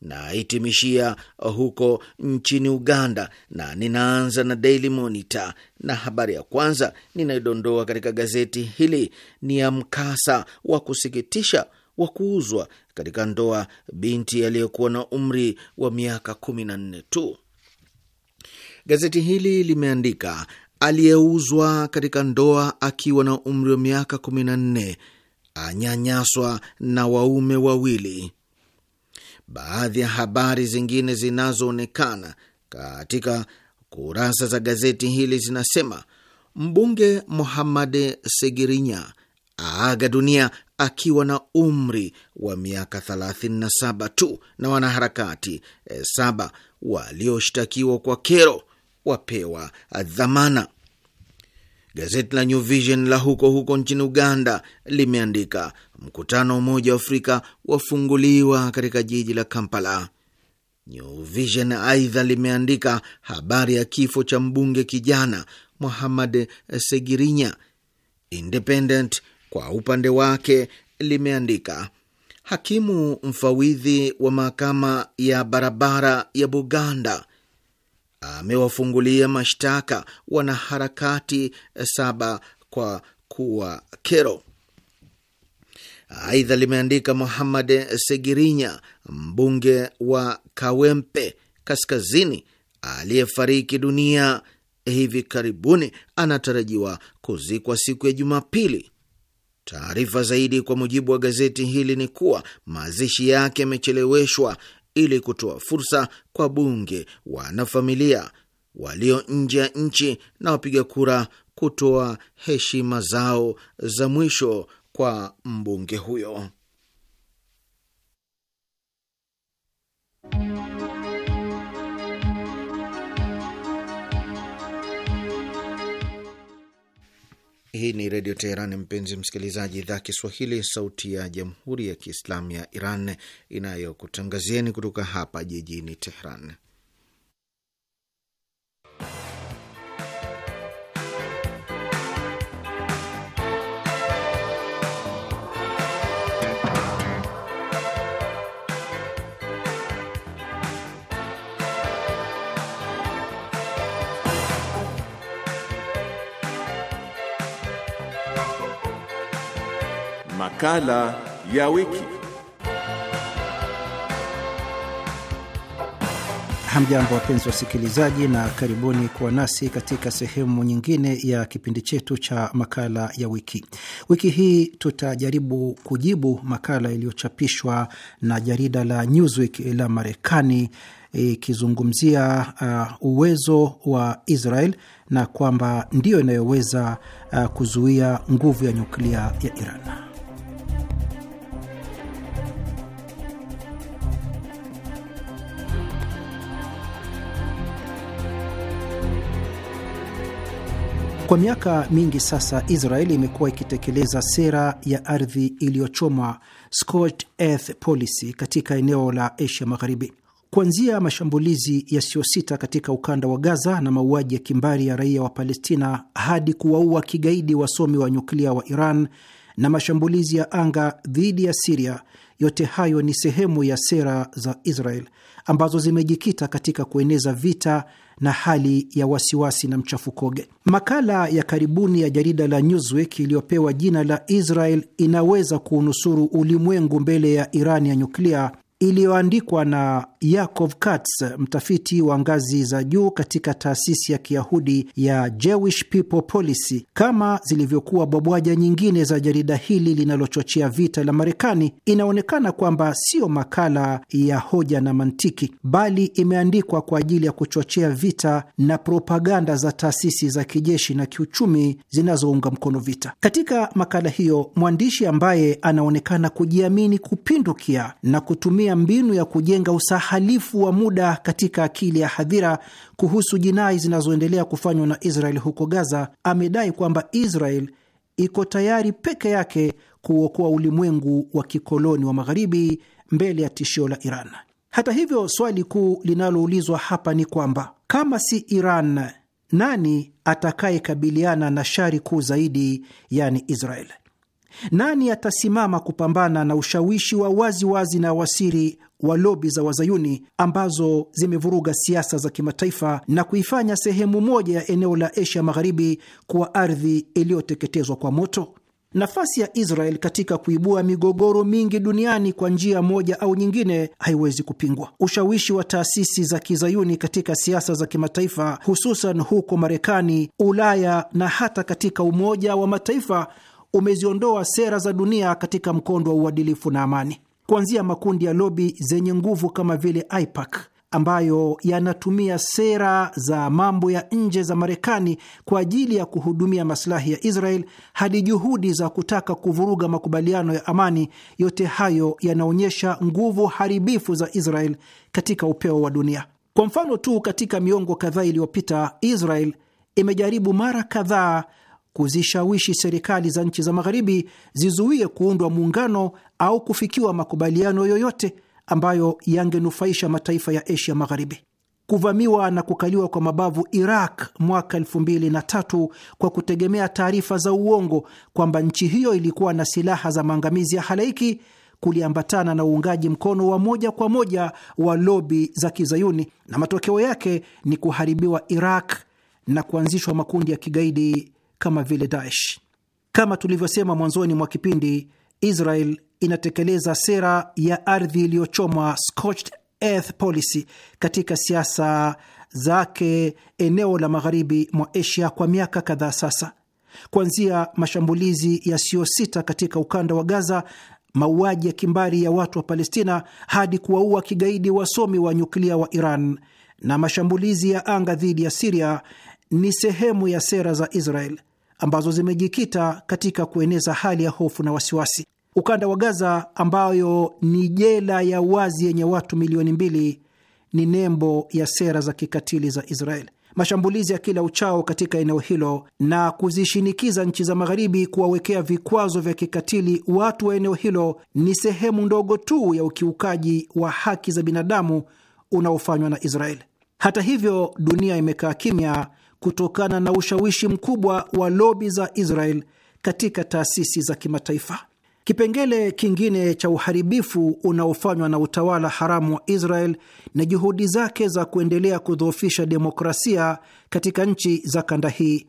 na hitimishia huko nchini Uganda, na ninaanza na Daily Monitor, na habari ya kwanza ninayodondoa katika gazeti hili ni ya mkasa wa kusikitisha wa kuuzwa katika ndoa binti aliyekuwa na umri wa miaka kumi na nne tu. Gazeti hili limeandika aliyeuzwa katika ndoa akiwa na umri wa miaka kumi na nne anyanyaswa na waume wawili baadhi ya habari zingine zinazoonekana katika kurasa za gazeti hili zinasema mbunge Muhammad Segirinya aaga dunia akiwa na umri wa miaka 37 tu, na wanaharakati eh, saba walioshtakiwa kwa kero wapewa dhamana. Gazeti la New Vision la huko huko nchini Uganda limeandika mkutano wa Umoja wa Afrika wafunguliwa katika jiji la Kampala. New Vision aidha limeandika habari ya kifo cha mbunge kijana Muhammad Segirinya. Independent kwa upande wake limeandika hakimu mfawidhi wa mahakama ya barabara ya Buganda amewafungulia mashtaka wanaharakati saba kwa kuwa kero. Aidha limeandika Muhammad Segirinya, mbunge wa Kawempe Kaskazini aliyefariki dunia hivi karibuni, anatarajiwa kuzikwa siku ya Jumapili. Taarifa zaidi kwa mujibu wa gazeti hili ni kuwa mazishi yake yamecheleweshwa ili kutoa fursa kwa bunge, wanafamilia walio nje ya nchi na wapiga kura kutoa heshima zao za mwisho kwa mbunge huyo. Hii ni Redio Teheran, mpenzi msikilizaji, idhaa Kiswahili, sauti ya Jamhuri ya Kiislamu ya Iran inayokutangazieni kutoka hapa jijini Teheran. Makala ya wiki. Hamjambo, wapenzi wasikilizaji, na karibuni kuwa nasi katika sehemu nyingine ya kipindi chetu cha makala ya wiki. Wiki hii tutajaribu kujibu makala iliyochapishwa na jarida la Newsweek la Marekani ikizungumzia uh, uwezo wa Israel na kwamba ndiyo inayoweza uh, kuzuia nguvu ya nyuklia ya Iran. Kwa miaka mingi sasa Israeli imekuwa ikitekeleza sera ya ardhi iliyochomwa scorched earth policy katika eneo la Asia Magharibi, kuanzia mashambulizi yasiyosita katika ukanda wa Gaza na mauaji ya kimbari ya raia wa Palestina hadi kuwaua kigaidi wasomi wa nyuklia wa Iran na mashambulizi ya anga dhidi ya Siria. Yote hayo ni sehemu ya sera za Israel ambazo zimejikita katika kueneza vita na hali ya wasiwasi na mchafukoge. Makala ya karibuni ya jarida la Newsweek iliyopewa jina la Israel inaweza kuunusuru ulimwengu mbele ya iran ya nyuklia, iliyoandikwa na Yakov Katz, mtafiti wa ngazi za juu katika taasisi ya Kiyahudi ya Jewish People Policy, kama zilivyokuwa bwabwaja nyingine za jarida hili linalochochea vita la Marekani, inaonekana kwamba siyo makala ya hoja na mantiki, bali imeandikwa kwa ajili ya kuchochea vita na propaganda za taasisi za kijeshi na kiuchumi zinazounga mkono vita. Katika makala hiyo, mwandishi ambaye anaonekana kujiamini kupindukia na kutumia mbinu ya kujenga usaha uhalifu wa muda katika akili ya hadhira kuhusu jinai zinazoendelea kufanywa na Israel huko Gaza, amedai kwamba Israel iko tayari peke yake kuuokoa ulimwengu wa kikoloni wa magharibi mbele ya tishio la Iran. Hata hivyo, swali kuu linaloulizwa hapa ni kwamba kama si Iran, nani atakayekabiliana na shari kuu zaidi, yani Israel? Nani atasimama kupambana na ushawishi wa waziwazi wazi na wasiri wa lobi za Wazayuni ambazo zimevuruga siasa za kimataifa na kuifanya sehemu moja ya eneo la Asia Magharibi kuwa ardhi iliyoteketezwa kwa moto. Nafasi ya Israel katika kuibua migogoro mingi duniani kwa njia moja au nyingine haiwezi kupingwa. Ushawishi wa taasisi za kizayuni katika siasa za kimataifa, hususan huko Marekani, Ulaya na hata katika Umoja wa Mataifa umeziondoa sera za dunia katika mkondo wa uadilifu na amani kuanzia makundi ya lobi zenye nguvu kama vile AIPAC ambayo yanatumia sera za mambo ya nje za Marekani kwa ajili ya kuhudumia masilahi ya Israel hadi juhudi za kutaka kuvuruga makubaliano ya amani. Yote hayo yanaonyesha nguvu haribifu za Israel katika upeo wa dunia. Kwa mfano tu, katika miongo kadhaa iliyopita Israel imejaribu mara kadhaa kuzishawishi serikali za nchi za Magharibi zizuie kuundwa muungano au kufikiwa makubaliano yoyote ambayo yangenufaisha mataifa ya Asia Magharibi. Kuvamiwa na kukaliwa kwa mabavu Iraq mwaka tatu kwa kutegemea taarifa za uongo kwamba nchi hiyo ilikuwa na silaha za maangamizi ya halaiki kuliambatana na uungaji mkono wa moja kwa moja wa lobi za Kizayuni, na matokeo yake ni kuharibiwa Iraq na kuanzishwa makundi ya kigaidi kama vile Daesh. Kama tulivyosema mwanzoni mwa kipindi, Israel inatekeleza sera ya ardhi iliyochomwa scorched earth policy katika siasa zake eneo la magharibi mwa Asia kwa miaka kadhaa sasa, kuanzia mashambulizi yasiyosita katika ukanda wa Gaza, mauaji ya kimbari ya watu wa Palestina hadi kuwaua kigaidi wasomi wa nyuklia wa Iran na mashambulizi ya anga dhidi ya Siria ni sehemu ya sera za Israel ambazo zimejikita katika kueneza hali ya hofu na wasiwasi. Ukanda wa Gaza, ambayo ni jela ya wazi yenye watu milioni mbili, ni nembo ya sera za kikatili za israel Mashambulizi ya kila uchao katika eneo hilo na kuzishinikiza nchi za Magharibi kuwawekea vikwazo vya kikatili watu wa eneo hilo ni sehemu ndogo tu ya ukiukaji wa haki za binadamu unaofanywa na israel Hata hivyo, dunia imekaa kimya kutokana na ushawishi mkubwa wa lobi za Israel katika taasisi za kimataifa. Kipengele kingine cha uharibifu unaofanywa na utawala haramu wa Israel ni juhudi zake za kuendelea kudhoofisha demokrasia katika nchi za kanda hii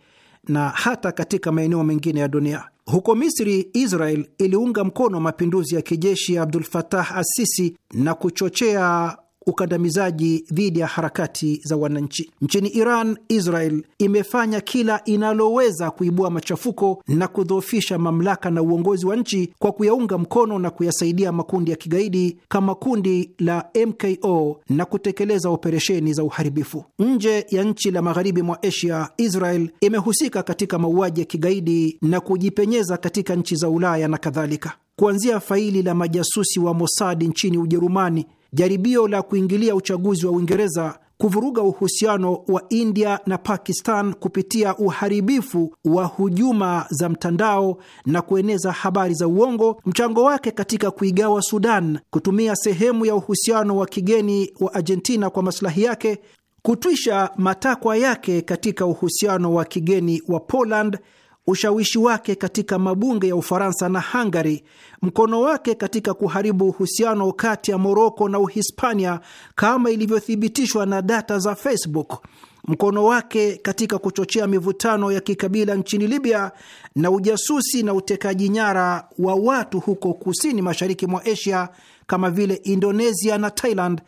na hata katika maeneo mengine ya dunia. Huko Misri, Israel iliunga mkono mapinduzi ya kijeshi ya Abdul Fatah asisi na kuchochea ukandamizaji dhidi ya harakati za wananchi. Nchini Iran, Israel imefanya kila inaloweza kuibua machafuko na kudhoofisha mamlaka na uongozi wa nchi kwa kuyaunga mkono na kuyasaidia makundi ya kigaidi kama kundi la MKO na kutekeleza operesheni za uharibifu nje ya nchi. La magharibi mwa Asia, Israel imehusika katika mauaji ya kigaidi na kujipenyeza katika nchi za Ulaya na kadhalika, kuanzia faili la majasusi wa Mossad nchini Ujerumani jaribio la kuingilia uchaguzi wa Uingereza, kuvuruga uhusiano wa India na Pakistan kupitia uharibifu wa hujuma za mtandao na kueneza habari za uongo, mchango wake katika kuigawa Sudan, kutumia sehemu ya uhusiano wa kigeni wa Argentina kwa masilahi yake, kutwisha matakwa yake katika uhusiano wa kigeni wa Poland ushawishi wake katika mabunge ya Ufaransa na Hungary, mkono wake katika kuharibu uhusiano kati ya Moroko na Uhispania kama ilivyothibitishwa na data za Facebook, mkono wake katika kuchochea mivutano ya kikabila nchini Libya na ujasusi na utekaji nyara wa watu huko kusini mashariki mwa Asia kama vile Indonesia na Thailand.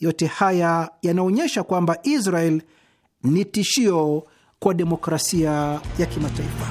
Yote haya yanaonyesha kwamba Israel ni tishio kwa demokrasia ya kimataifa.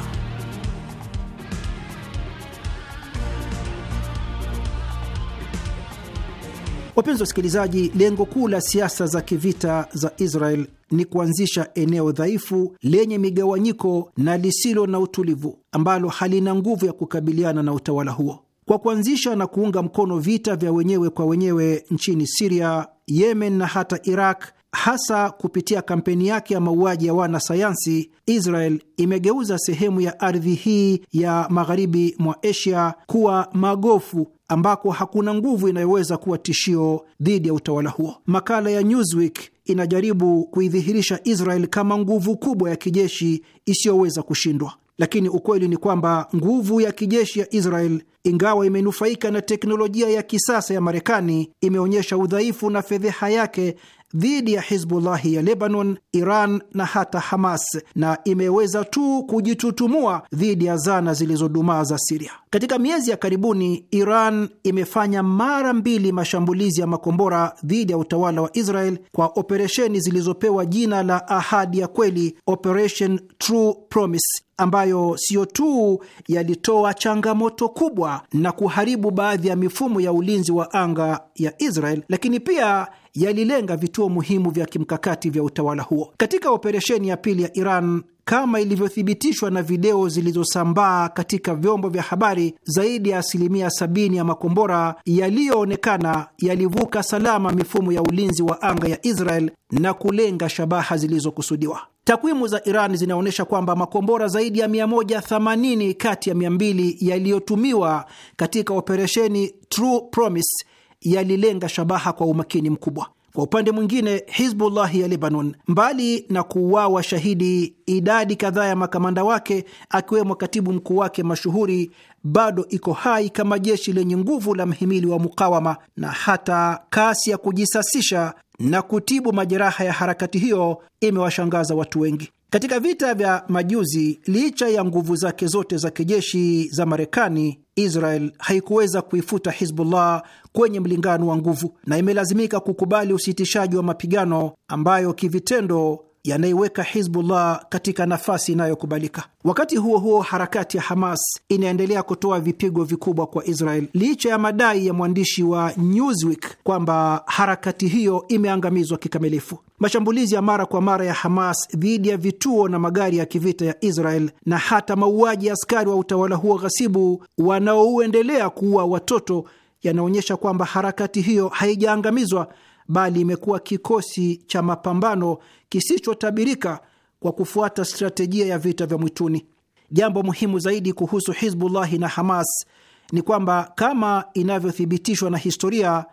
Wapenzi wasikilizaji, lengo kuu la siasa za kivita za Israel ni kuanzisha eneo dhaifu lenye migawanyiko na lisilo na utulivu ambalo halina nguvu ya kukabiliana na utawala huo. Kwa kuanzisha na kuunga mkono vita vya wenyewe kwa wenyewe nchini Siria, Yemen na hata Iraq, hasa kupitia kampeni yake ya mauaji ya wanasayansi, Israel imegeuza sehemu ya ardhi hii ya magharibi mwa Asia kuwa magofu ambako hakuna nguvu inayoweza kuwa tishio dhidi ya utawala huo. Makala ya Newsweek inajaribu kuidhihirisha Israel kama nguvu kubwa ya kijeshi isiyoweza kushindwa, lakini ukweli ni kwamba nguvu ya kijeshi ya Israel, ingawa imenufaika na teknolojia ya kisasa ya Marekani, imeonyesha udhaifu na fedheha yake dhidi ya Hizbullahi ya Lebanon, Iran na hata Hamas, na imeweza tu kujitutumua dhidi ya zana zilizodumaa za Siria. Katika miezi ya karibuni, Iran imefanya mara mbili mashambulizi ya makombora dhidi ya utawala wa Israel kwa operesheni zilizopewa jina la Ahadi ya Kweli, Operation True Promise, ambayo siyo tu yalitoa changamoto kubwa na kuharibu baadhi ya mifumo ya ulinzi wa anga ya Israel, lakini pia yalilenga vituo muhimu vya kimkakati vya utawala huo. Katika operesheni ya pili ya Iran, kama ilivyothibitishwa na video zilizosambaa katika vyombo vya habari, zaidi ya asilimia sabini ya makombora yaliyoonekana yalivuka salama mifumo ya ulinzi wa anga ya Israel na kulenga shabaha zilizokusudiwa. Takwimu za Iran zinaonyesha kwamba makombora zaidi ya 180 kati ya 200 yaliyotumiwa katika operesheni True Promise yalilenga shabaha kwa umakini mkubwa. Kwa upande mwingine, Hizbullah ya Lebanon, mbali na kuuawa shahidi idadi kadhaa ya makamanda wake, akiwemo katibu mkuu wake mashuhuri, bado iko hai kama jeshi lenye nguvu la mhimili wa mukawama, na hata kasi ya kujisasisha na kutibu majeraha ya harakati hiyo imewashangaza watu wengi. Katika vita vya majuzi, licha ya nguvu zake zote za kijeshi za Marekani, Israel haikuweza kuifuta Hizbullah kwenye mlingano wa nguvu na imelazimika kukubali usitishaji wa mapigano ambayo kivitendo yanaiweka Hizbullah katika nafasi inayokubalika. Wakati huo huo, harakati ya Hamas inaendelea kutoa vipigo vikubwa kwa Israel licha ya madai ya mwandishi wa Newsweek kwamba harakati hiyo imeangamizwa kikamilifu. Mashambulizi ya mara kwa mara ya Hamas dhidi ya vituo na magari ya kivita ya Israel na hata mauaji ya askari wa utawala huo ghasibu wanaouendelea kuua watoto yanaonyesha kwamba harakati hiyo haijaangamizwa bali imekuwa kikosi cha mapambano kisichotabirika kwa kufuata strategia ya vita vya mwituni. Jambo muhimu zaidi kuhusu Hizbullahi na Hamas ni kwamba kama inavyothibitishwa na historia,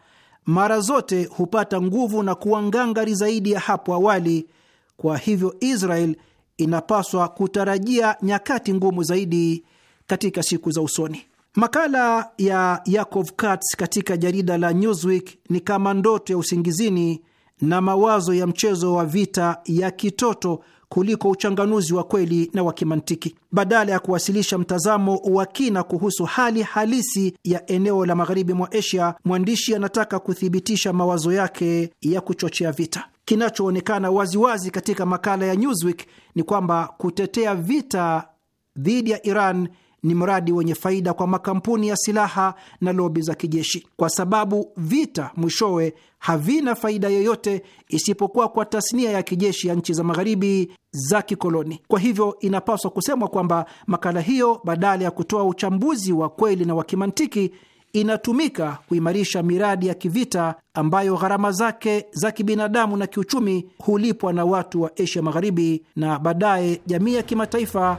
mara zote hupata nguvu na kuwa ngangari zaidi ya hapo awali. Kwa hivyo, Israel inapaswa kutarajia nyakati ngumu zaidi katika siku za usoni. Makala ya Yakov Katz katika jarida la Newsweek ni kama ndoto ya usingizini na mawazo ya mchezo wa vita ya kitoto kuliko uchanganuzi wa kweli na wa kimantiki. Badala ya kuwasilisha mtazamo wa kina kuhusu hali halisi ya eneo la magharibi mwa Asia, mwandishi anataka kuthibitisha mawazo yake ya kuchochea vita. Kinachoonekana waziwazi katika makala ya Newsweek ni kwamba kutetea vita dhidi ya Iran ni mradi wenye faida kwa makampuni ya silaha na lobi za kijeshi, kwa sababu vita mwishowe havina faida yoyote isipokuwa kwa tasnia ya kijeshi ya nchi za magharibi za kikoloni. Kwa hivyo, inapaswa kusemwa kwamba makala hiyo badala ya kutoa uchambuzi wa kweli na wa kimantiki inatumika kuimarisha miradi ya kivita ambayo gharama zake za kibinadamu na kiuchumi hulipwa na watu wa Asia Magharibi na baadaye jamii ya kimataifa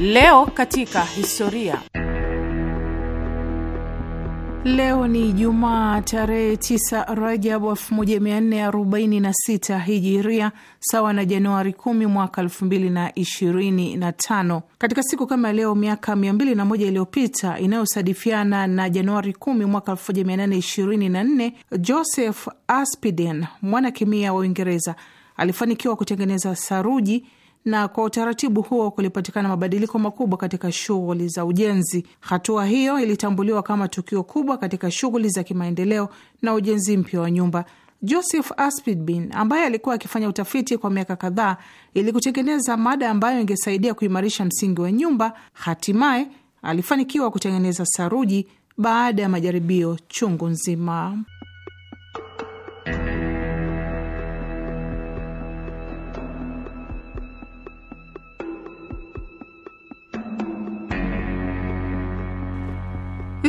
Leo katika historia. Leo ni Jumaa tarehe 9 Rajab 1446 Hijiria, sawa na Januari 10 mwaka 2025. Katika siku kama leo miaka 201 iliyopita inayosadifiana na Januari 10 mwaka 1824, Joseph aspiden mwanakimia wa Uingereza alifanikiwa kutengeneza saruji na kwa utaratibu huo kulipatikana mabadiliko makubwa katika shughuli za ujenzi. Hatua hiyo ilitambuliwa kama tukio kubwa katika shughuli za kimaendeleo na ujenzi mpya wa nyumba. Joseph Aspidbin ambaye alikuwa akifanya utafiti kwa miaka kadhaa ili kutengeneza mada ambayo ingesaidia kuimarisha msingi wa nyumba, hatimaye alifanikiwa kutengeneza saruji baada ya majaribio chungu nzima.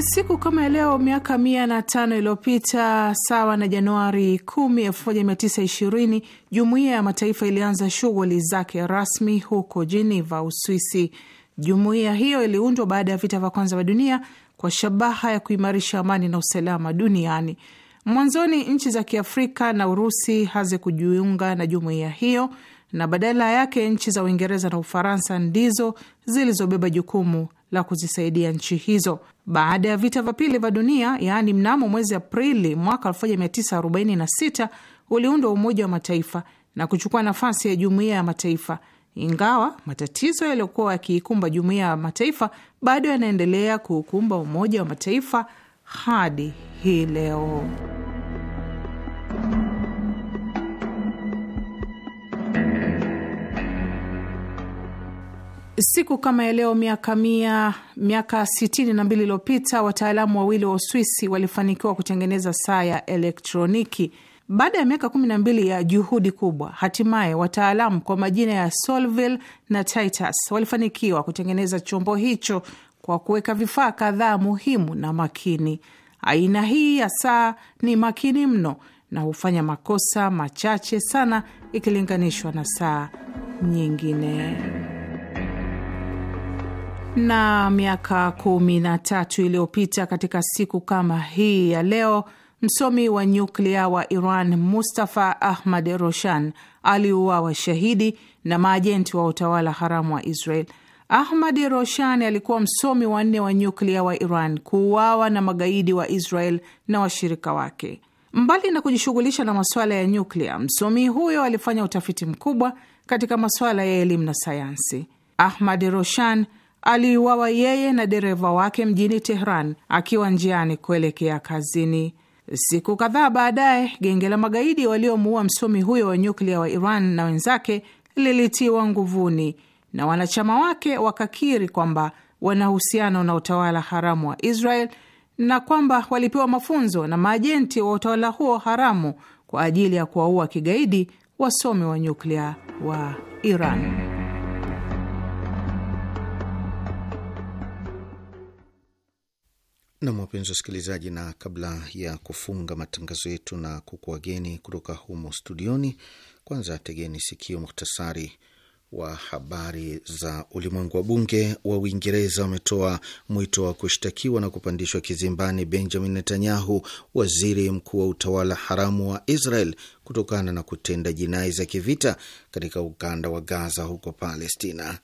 siku kama leo miaka mia na tano iliyopita sawa na Januari 10, 1920 jumuiya ya mataifa ilianza shughuli zake rasmi huko Geneva, Uswisi. Jumuiya hiyo iliundwa baada ya vita vya kwanza vya dunia kwa shabaha ya kuimarisha amani na usalama duniani. Mwanzoni nchi za Kiafrika na Urusi hazikujiunga na jumuiya hiyo na badala yake nchi za Uingereza na Ufaransa ndizo zilizobeba jukumu la kuzisaidia nchi hizo. Baada ya vita vya pili vya dunia, yaani mnamo mwezi Aprili mwaka 1946 uliundwa Umoja wa Mataifa na kuchukua nafasi ya Jumuiya ya Mataifa, ingawa matatizo yaliyokuwa yakiikumba Jumuiya ya Mataifa bado yanaendelea kuukumba Umoja wa Mataifa hadi hii leo. Siku kama ya leo miaka mia miaka sitini na mbili iliyopita wataalamu wawili wa Uswisi walifanikiwa kutengeneza saa ya elektroniki. Baada ya miaka kumi na mbili ya juhudi kubwa, hatimaye wataalamu kwa majina ya Solville na Titus walifanikiwa kutengeneza chombo hicho kwa kuweka vifaa kadhaa muhimu na makini. Aina hii ya saa ni makini mno na hufanya makosa machache sana ikilinganishwa na saa nyingine. Na miaka kumi na tatu iliyopita katika siku kama hii ya leo, msomi wa nyuklia wa Iran Mustafa Ahmad Roshan aliuawa shahidi na maajenti wa utawala haramu wa Israel. Ahmad Roshan alikuwa msomi wa nne wa nyuklia wa Iran kuuawa na magaidi wa Israel na washirika wake. Mbali na kujishughulisha na masuala ya nyuklia, msomi huyo alifanya utafiti mkubwa katika masuala ya elimu na sayansi. Ahmad Roshan Aliuawa yeye na dereva wake mjini Tehran akiwa njiani kuelekea kazini. Siku kadhaa baadaye, genge la magaidi waliomuua msomi huyo wa nyuklia wa Iran na wenzake lilitiwa nguvuni na wanachama wake wakakiri kwamba wana uhusiano na utawala haramu wa Israel na kwamba walipewa mafunzo na maajenti wa utawala huo haramu kwa ajili ya kuwaua kigaidi wasomi wa nyuklia wa Iran. Nam, wapenzi wasikilizaji, na kabla ya kufunga matangazo yetu na kukuwageni kutoka humo studioni, kwanza tegeni sikio muhtasari wa habari za ulimwengu. Wa bunge wa Uingereza wametoa mwito wa kushtakiwa na kupandishwa kizimbani Benjamin Netanyahu, waziri mkuu wa utawala haramu wa Israel, kutokana na kutenda jinai za kivita katika ukanda wa Gaza huko Palestina.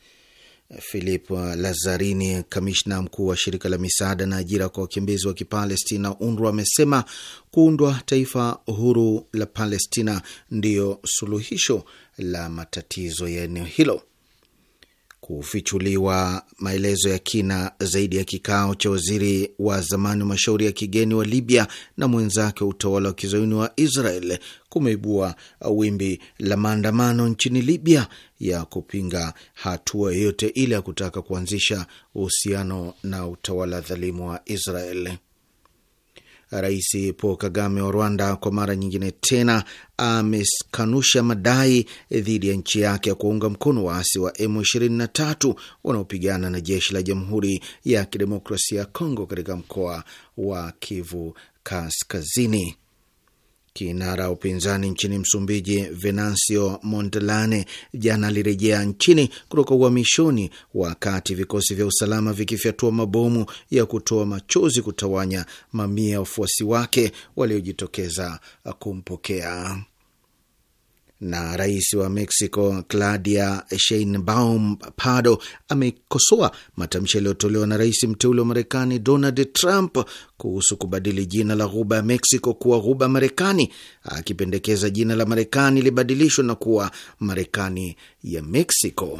Philip Lazarini, kamishna mkuu wa shirika la misaada na ajira kwa wakimbizi wa Kipalestina, UNRWA, amesema kuundwa taifa huru la Palestina ndiyo suluhisho la matatizo ya eneo hilo kufichuliwa maelezo ya kina zaidi ya kikao cha waziri wa zamani wa mashauri ya kigeni wa Libya na mwenzake wa utawala wa kizayuni wa Israel kumeibua wimbi la maandamano nchini Libya ya kupinga hatua yoyote ile ya kutaka kuanzisha uhusiano na utawala dhalimu wa Israel. Rais Paul Kagame wa Rwanda kwa mara nyingine tena amekanusha madai dhidi ya nchi yake ya kuwaunga mkono waasi wa M23 wanaopigana na jeshi la Jamhuri ya Kidemokrasia ya Kongo katika mkoa wa Kivu Kaskazini. Kinara upinzani nchini Msumbiji, Venancio Mondlane, jana alirejea nchini kutoka uhamishoni wakati vikosi vya usalama vikifyatua mabomu ya kutoa machozi kutawanya mamia ya wafuasi wake waliojitokeza kumpokea na rais wa Mexico Claudia Sheinbaum Pardo amekosoa matamshi yaliyotolewa na rais mteule wa Marekani Donald Trump kuhusu kubadili jina la ghuba ya Mexico kuwa ghuba Marekani, akipendekeza jina la Marekani libadilishwe na kuwa Marekani ya Mexico.